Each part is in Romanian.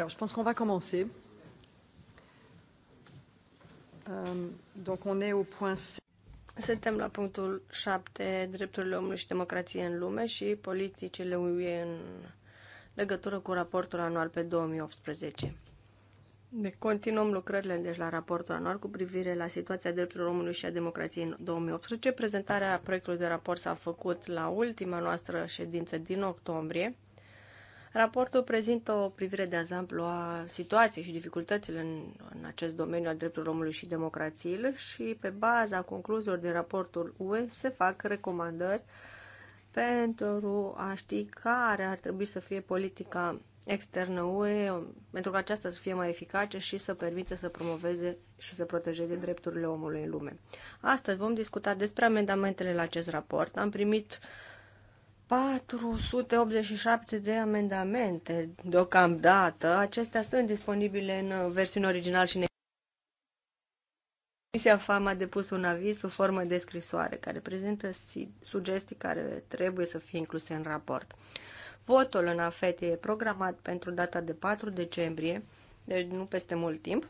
Alors, je pense qu'on va commencer. Euh, donc, on est au point... Suntem la punctul 7, drepturile omului și democrație în lume și politicile UE în legătură cu raportul anual pe 2018. Ne continuăm lucrările deci, la raportul anual cu privire la situația drepturilor omului și a democrației în 2018. Prezentarea proiectului de raport s-a făcut la ultima noastră ședință din octombrie. Raportul prezintă o privire de exemplu a situației și dificultățile în, în acest domeniu al drepturilor omului și democrațiilor și pe baza concluziilor din raportul UE se fac recomandări pentru a ști care ar trebui să fie politica externă UE pentru ca aceasta să fie mai eficace și să permită să promoveze și să protejeze drepturile omului în lume. Astăzi vom discuta despre amendamentele la acest raport. Am primit uh, 487 de amendamente deocamdată. Acestea sunt disponibile în versiune original și Comisia FAM a depus un aviz sub formă de scrisoare care prezintă sugestii care trebuie să fie incluse în raport. Votul în afet e programat pentru data de 4 decembrie, deci nu peste mult timp,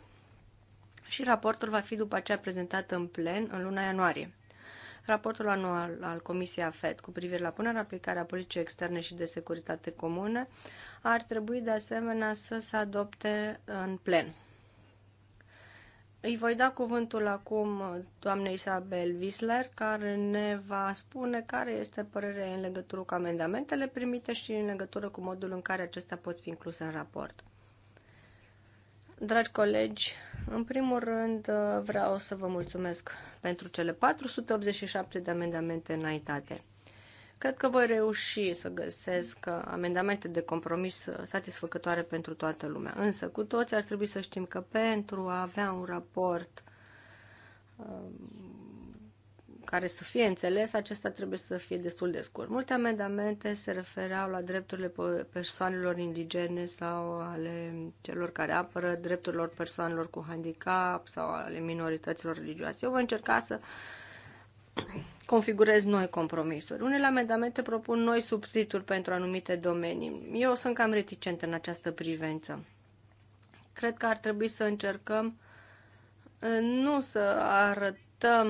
și raportul va fi după aceea prezentat în plen în luna ianuarie raportul anual al Comisiei AFET cu privire la punerea aplicarea politicii externe și de securitate comune ar trebui de asemenea să se adopte în plen. Îi voi da cuvântul acum doamnei Isabel Wisler, care ne va spune care este părerea în legătură cu amendamentele primite și în legătură cu modul în care acestea pot fi incluse în raport. Dragi colegi, în primul rând, uh, vreau să vă mulțumesc pentru cele 487 de amendamente înaintate. Cred că voi reuși să găsesc uh, amendamente de compromis uh, satisfăcătoare pentru toată lumea. Însă, cu toți ar trebui să știm că pentru a avea un raport care să fie înțeles, acesta trebuie să fie destul de scurt. Multe amendamente se refereau la drepturile persoanelor indigene sau ale celor care apără drepturilor persoanelor cu handicap sau ale minorităților religioase. Eu voi încerca să configurez noi compromisuri. Unele amendamente propun noi subtituri pentru anumite domenii. Eu sunt cam reticent în această privință. Cred că ar trebui să încercăm nu să arătăm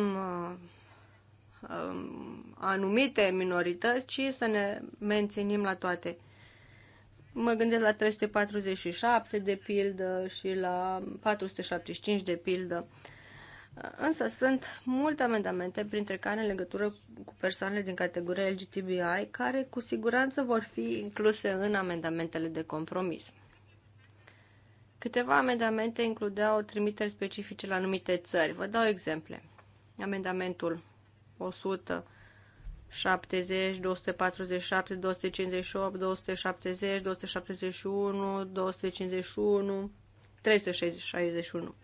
Um, anumite minorități, ci să ne menținim la toate. Mă gândesc la 347 de pildă și la 475 de pildă. Însă sunt multe amendamente, printre care în legătură cu persoanele din categoria LGTBI, care cu siguranță vor fi incluse în amendamentele de compromis. Câteva amendamente includeau trimiteri specifice la anumite țări. Vă dau exemple. Amendamentul 100, 70, 247, 258, 270, 271, 251, 361.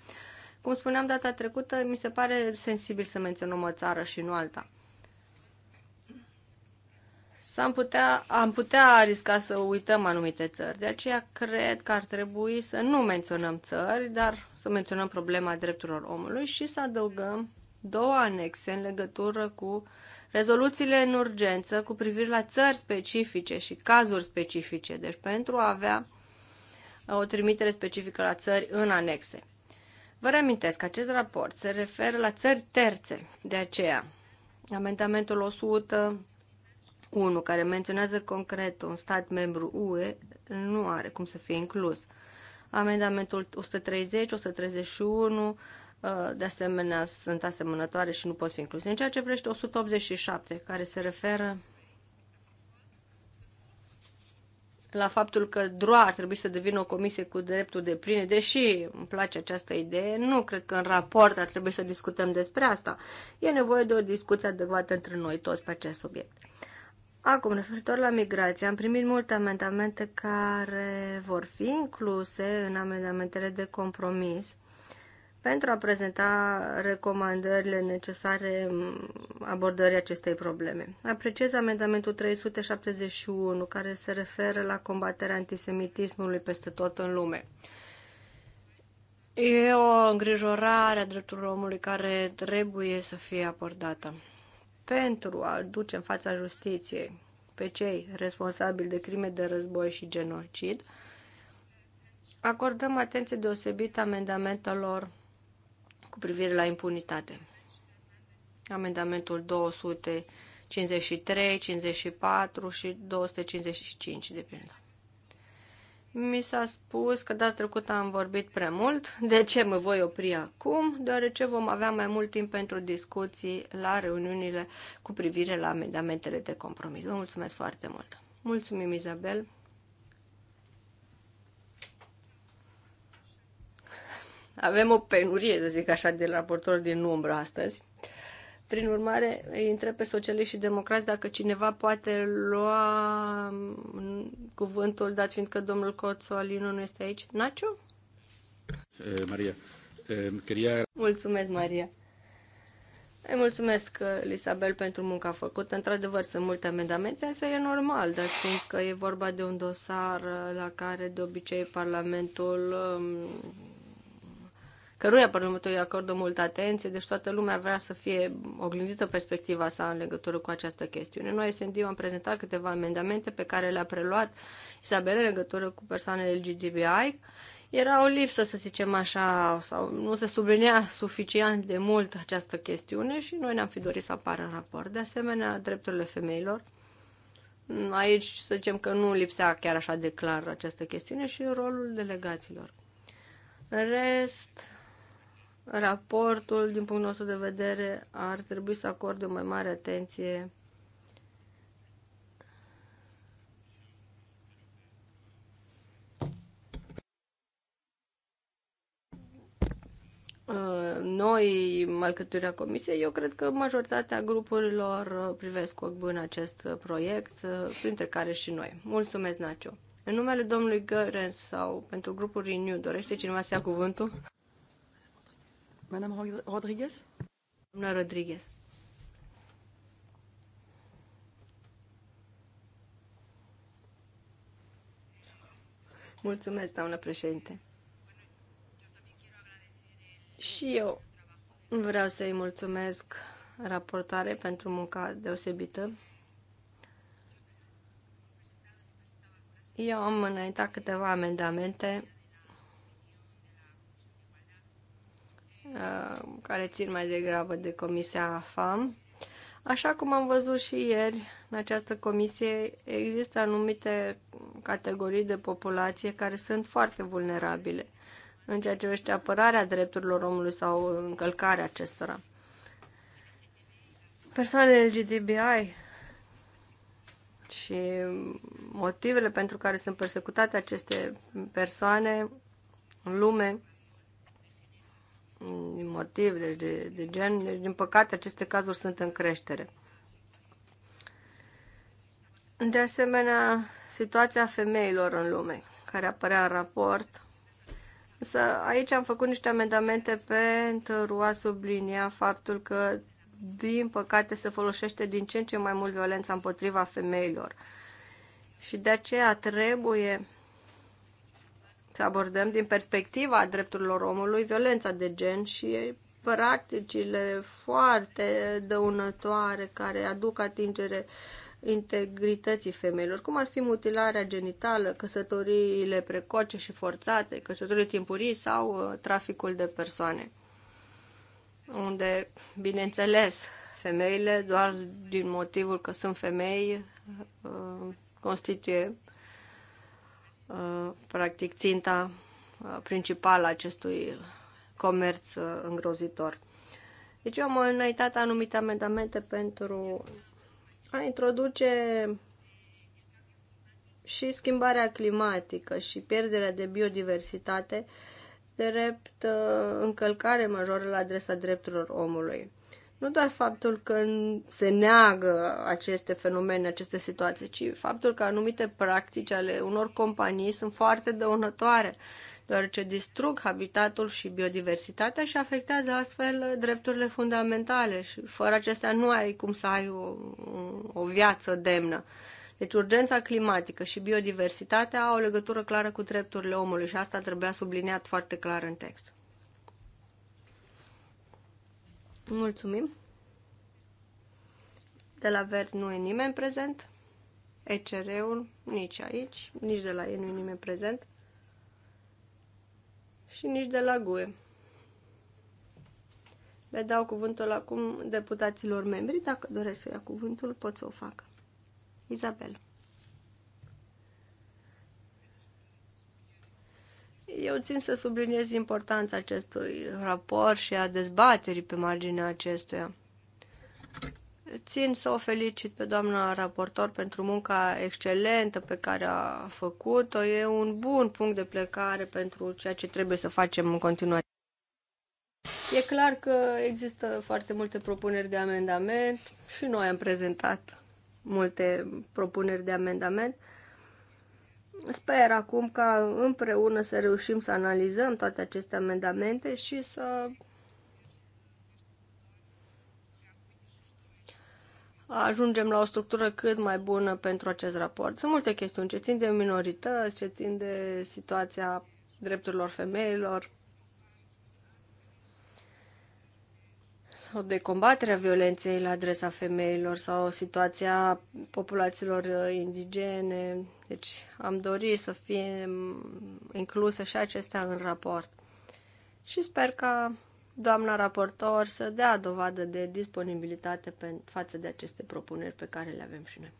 Cum spuneam data trecută, mi se pare sensibil să menționăm o țară și nu alta. S-am putea, am putea risca să uităm anumite țări. De aceea cred că ar trebui să nu menționăm țări, dar să menționăm problema drepturilor omului și să adăugăm două anexe în legătură cu rezoluțiile în urgență cu privire la țări specifice și cazuri specifice, deci pentru a avea uh, o trimitere specifică la țări în anexe. Vă reamintesc că acest raport se referă la țări terțe, de aceea amendamentul 101 care menționează concret un stat membru UE nu are cum să fie inclus. Amendamentul 130, 131, Uh, de asemenea sunt asemănătoare și nu pot fi incluse. În ceea ce privește 187, care se referă la faptul că DROA ar trebui să devină o comisie cu dreptul de pline, deși îmi place această idee, nu cred că în raport ar trebui să discutăm despre asta. E nevoie de o discuție adecvată între noi toți pe acest subiect. Acum, referitor la migrație, am primit multe amendamente care vor fi incluse în amendamentele de compromis pentru a prezenta recomandările necesare abordării acestei probleme. Apreciez amendamentul 371 care se referă la combaterea antisemitismului peste tot în lume. E o îngrijorare a drepturilor omului care trebuie să fie abordată. Pentru a duce în fața justiției pe cei responsabili de crime de război și genocid, acordăm atenție deosebită amendamentelor cu privire la impunitate. Amendamentul 253, 54 și 255, de pildă. Mi s-a spus că data trecută am vorbit prea mult, de ce mă voi opri acum, deoarece vom avea mai mult timp pentru discuții la reuniunile cu privire la amendamentele de compromis. Vă mulțumesc foarte mult! Mulțumim, Izabel! Avem o penurie, să zic așa, de raportori din umbră astăzi. Prin urmare, îi întreb pe socialiști și democrați dacă cineva poate lua mm, cuvântul, dat fiindcă domnul Coțolino nu este aici. Nacio? Eh, Maria. Eh, Queria... Mulțumesc, Maria. Îi mulțumesc, eh, Lisabel, pentru munca făcută. Într-adevăr, sunt multe amendamente, însă e normal, dar fiindcă e vorba de un dosar la care de obicei Parlamentul mm, căruia Parlamentul îi acordă multă atenție, deci toată lumea vrea să fie oglindită perspectiva sa în legătură cu această chestiune. Noi, SND, am prezentat câteva amendamente pe care le-a preluat Isabel în legătură cu persoanele LGBTI. Era o lipsă, să zicem așa, sau nu se sublinea suficient de mult această chestiune și noi ne-am fi dorit să apară în raport. De asemenea, drepturile femeilor. Aici, să zicem că nu lipsea chiar așa de clar această chestiune și rolul delegaților. În rest, raportul, din punctul nostru de vedere, ar trebui să acorde o mai mare atenție noi malcătuirea comisiei, eu cred că majoritatea grupurilor privesc cu bun acest proiect, printre care și noi. Mulțumesc, Nacio! În numele domnului Gărens sau pentru grupul Renew, dorește cineva să ia cuvântul? Madame Rodriguez? Doamna Rodriguez. Mulțumesc, doamnă președinte. Și eu vreau să-i mulțumesc raportare pentru munca deosebită. Eu am înaintat câteva amendamente Uh, care țin mai degrabă de Comisia FAM. Așa cum am văzut și ieri, în această comisie există anumite categorii de populație care sunt foarte vulnerabile în ceea ce privește apărarea drepturilor omului sau încălcarea acestora. Persoanele LGBTI și motivele pentru care sunt persecutate aceste persoane în lume din motiv, deci de, de gen. Deci, din păcate, aceste cazuri sunt în creștere. De asemenea, situația femeilor în lume, care apărea în raport. Însă aici am făcut niște amendamente pentru a sublinia faptul că, din păcate, se folosește din ce în ce mai mult violența împotriva femeilor. Și de aceea trebuie să abordăm din perspectiva drepturilor omului violența de gen și practicile foarte dăunătoare care aduc atingere integrității femeilor, cum ar fi mutilarea genitală, căsătoriile precoce și forțate, căsătorii timpurii sau uh, traficul de persoane. Unde, bineînțeles, femeile, doar din motivul că sunt femei, uh, constituie Uh, practic ținta uh, principală a acestui comerț uh, îngrozitor. Deci eu am înaintat anumite amendamente pentru a introduce și schimbarea climatică și pierderea de biodiversitate drept încălcare majoră la adresa drepturilor omului nu doar faptul că se neagă aceste fenomene, aceste situații, ci faptul că anumite practici ale unor companii sunt foarte dăunătoare, deoarece distrug habitatul și biodiversitatea și afectează astfel drepturile fundamentale și fără acestea nu ai cum să ai o, o viață demnă. Deci urgența climatică și biodiversitatea au o legătură clară cu drepturile omului și asta trebuia subliniat foarte clar în text. Mulțumim. De la Verzi nu e nimeni prezent. ECR-ul nici aici, nici de la ei nu e nimeni prezent. Și nici de la GUE. Le dau cuvântul acum deputaților membri. Dacă doresc să ia cuvântul, pot să o facă. Isabel. Eu țin să subliniez importanța acestui raport și a dezbaterii pe marginea acestuia. Țin să o felicit pe doamna raportor pentru munca excelentă pe care a făcut-o. E un bun punct de plecare pentru ceea ce trebuie să facem în continuare. E clar că există foarte multe propuneri de amendament și noi am prezentat multe propuneri de amendament. Sper acum ca împreună să reușim să analizăm toate aceste amendamente și să ajungem la o structură cât mai bună pentru acest raport. Sunt multe chestiuni ce țin de minorități, ce țin de situația drepturilor femeilor, de combatere a violenței la adresa femeilor sau situația populațiilor uh, indigene. Deci am dorit să fie inclusă și acestea în raport. Și sper că doamna raportor să dea dovadă de disponibilitate pe, față de aceste propuneri pe care le avem și noi.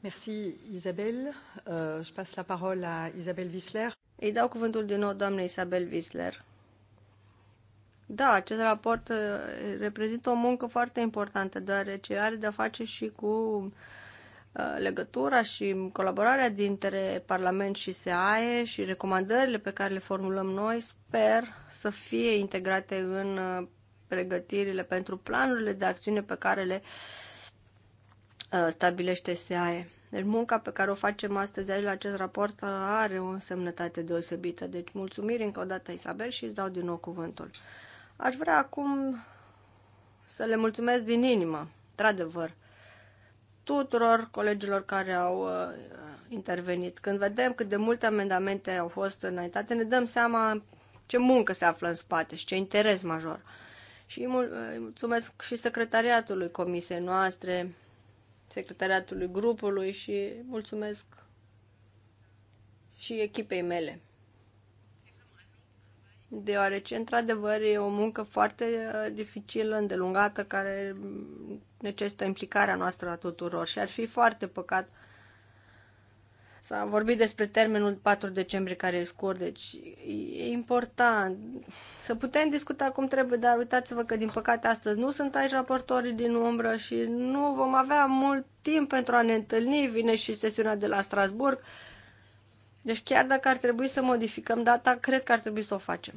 Merci Isabelle. Uh, je passe la parole à Isabel Wissler. Îi dau cuvântul din nou doamnei Isabel Wissler. Da, acest raport uh, reprezintă o muncă foarte importantă, deoarece are de-a face și cu uh, legătura și colaborarea dintre Parlament și SEAE și recomandările pe care le formulăm noi sper să fie integrate în uh, pregătirile pentru planurile de acțiune pe care le stabilește SEAE. Deci munca pe care o facem astăzi aici la acest raport are o însemnătate deosebită. Deci mulțumiri încă o dată, Isabel, și îți dau din nou cuvântul. Aș vrea acum să le mulțumesc din inimă, într-adevăr, tuturor colegilor care au uh, intervenit. Când vedem cât de multe amendamente au fost înaintate, ne dăm seama ce muncă se află în spate și ce interes major. Și mulțumesc și secretariatului comisiei noastre, secretariatului grupului și mulțumesc și echipei mele deoarece, într-adevăr, e o muncă foarte uh, dificilă, îndelungată, care necesită implicarea noastră a tuturor și ar fi foarte păcat S-a vorbit despre termenul 4 decembrie care e scurt, deci e important să putem discuta cum trebuie, dar uitați-vă că din păcate astăzi nu sunt aici raportorii din umbră și nu vom avea mult timp pentru a ne întâlni, vine și sesiunea de la Strasburg deci chiar dacă ar trebui să modificăm data, cred că ar trebui să o facem.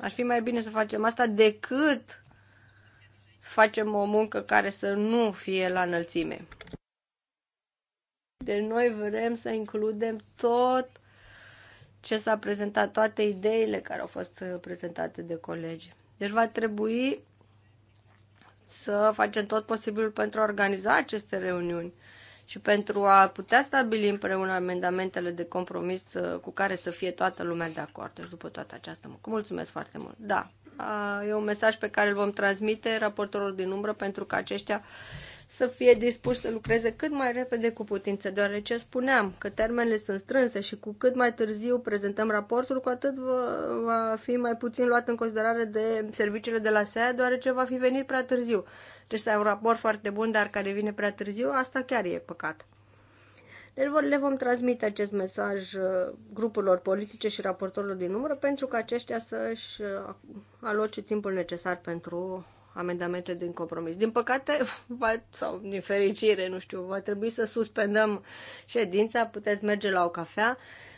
Ar fi mai bine să facem asta decât să facem o muncă care să nu fie la înălțime. Deci noi vrem să includem tot ce s-a prezentat, toate ideile care au fost uh, prezentate de colegi. Deci va trebui să facem tot posibilul pentru a organiza aceste reuniuni și pentru a putea stabili împreună amendamentele de compromis uh, cu care să fie toată lumea de acord. Deci după toată această muncă. Mulțumesc foarte mult. Da, e un mesaj pe care îl vom transmite raportorilor din umbră pentru că aceștia să fie dispus să lucreze cât mai repede cu putință, deoarece spuneam că termenele sunt strânse și cu cât mai târziu prezentăm raportul, cu atât va fi mai puțin luat în considerare de serviciile de la SEA, deoarece va fi venit prea târziu. Deci să ai un raport foarte bun, dar care vine prea târziu, asta chiar e păcat. Deci le vom transmite acest mesaj uh, grupurilor politice și raportorilor din număr pentru ca aceștia să-și uh, aloce timpul necesar pentru amendamente din compromis. Din păcate, va, sau din fericire, nu știu, va trebui să suspendăm ședința, puteți merge la o cafea,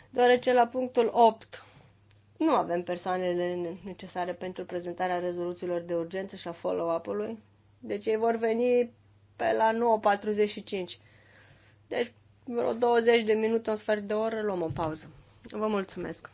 deoarece la punctul 8 nu avem persoanele necesare pentru prezentarea rezoluțiilor de urgență și a follow-up-ului. Deci ei vor veni pe la 9.45. Deci vreo 20 de minute, un sfert de oră, luăm o pauză. Vă mulțumesc!